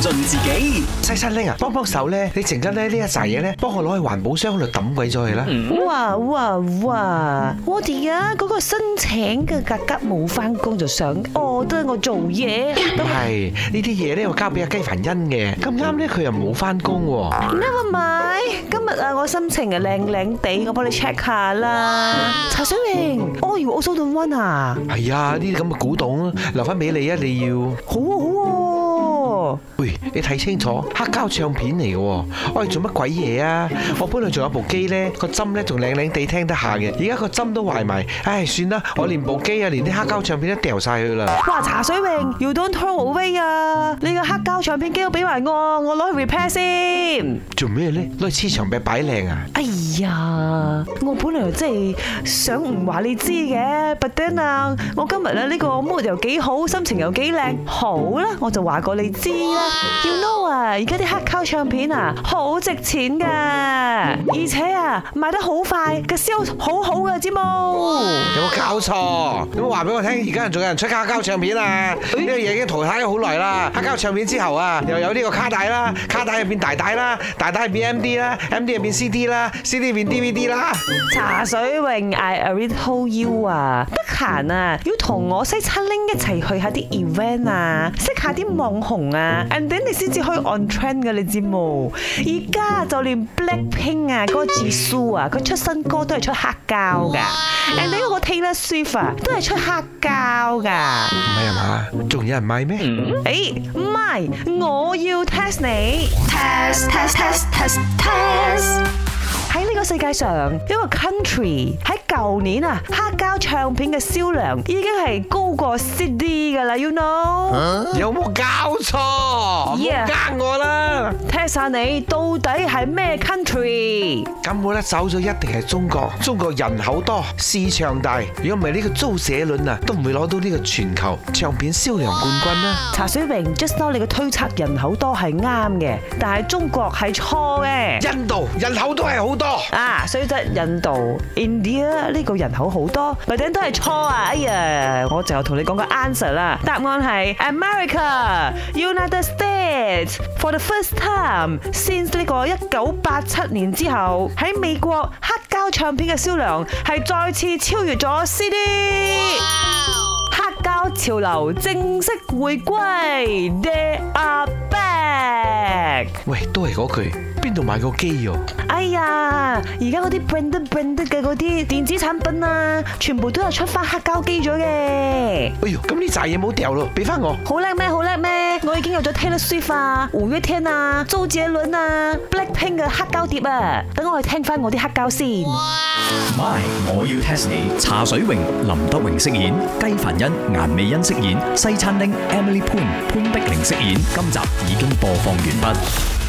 盡自己，細細拎啊，幫幫手咧，你成日咧呢一紮嘢咧，幫我攞去環保箱度抌鬼咗佢啦。哇哇哇，我哋啊，嗰個新請嘅格格冇翻工就想，我都我做嘢都係呢啲嘢咧，我交俾阿雞凡欣嘅。咁啱咧，佢又冇翻工喎。啱唔啱？今日啊，我心情啊靚靚地，我幫你 check 下啦。茶水明，哦，我收到 one 啊。係啊，呢啲咁嘅古董留翻俾你啊，你要。好啊好。喂，你睇清楚，黑膠唱片嚟嘅喎，我係做乜鬼嘢啊？我本嚟仲有部機咧，個針咧仲靚靚地聽得下嘅，而家個針都壞埋，唉、哎，算啦，我連部機啊，連啲黑膠唱片都掉晒佢啦。哇，茶水榮，You Don't Throw Away 啊，你個黑膠唱片機都俾埋我，我攞去 repair 先。做咩咧？攞去黐牆壁擺靚啊？哎呀，我本嚟真係想唔話你知嘅，But then，我今日咧呢個 model 幾好，心情又幾靚，好啦，我就話過你知啦。You know 啊，而家啲黑膠唱片啊，好值錢噶。而且啊，賣得好快，個銷好好嘅，知冇？有冇搞錯？有冇話俾我聽？而家仲有人出黑膠唱片啊？呢個嘢已經淘汰咗好耐啦！黑膠唱片之後啊，又有呢個卡帶啦，卡帶入邊大大啦，大大入邊 M D 啦，M D 入邊 C D 啦，C D 入邊 D V D 啦。茶水泳，I really hold you 啊！得閒啊，要同我西親拎一齊去下啲 event 啊，識下啲網紅啊，and then 你先至可以 on trend 嘅，你知冇？而家就連 Blackpink 啊！嗰個傑蘇啊，佢出新歌都係出黑膠㗎，誒你嗰個 Taylor Swift 啊，都係出黑膠㗎。唔係啊嘛，仲有人買咩？誒唔係，我要 test 你。test test test test test 喺呢個世界上，一個 country 喺。舊年啊，黑膠唱片嘅銷量已經係高過 CD 㗎喇，you know？有冇搞錯？冇呃我啦！test 曬你，到底係咩 country？咁我咧走咗一定係中國，中國人口多，市場大。如果唔係呢個租借論啊，都唔會攞到呢個全球唱片銷量冠軍啦。茶水榮，just now 你嘅推測人口多係啱嘅，但係中國係錯嘅。印度人口都係好多啊，所以就印度 India。呢個人口好多，咪頂都係錯啊！哎呀，我就同你講個 answer 啦。答案係 America, United States for the first time since 呢個一九八七年之後，喺美國黑膠唱片嘅銷量係再次超越咗 CD，Wow. 黑膠潮流正式回歸。The Up。喂，都係句，邊度買個機哦？哎呀，而家啲 branded branded 嘅啲電子產品啊！全部都有出翻黑膠機咗嘅，哎喲，咁呢紮嘢冇掉咯，俾翻我。好叻咩？好叻咩？我已經有咗 Taylor Swift、Sw 啊、胡一天啊、周杰倫啊、Blackpink 嘅黑膠碟啊，等我去聽翻我啲黑膠先。My，我要 test 你。茶水榮、林德榮飾演，雞凡欣、顏美欣飾演，西餐廳 Emily Poon、潘碧玲飾演。今集已經播放完畢。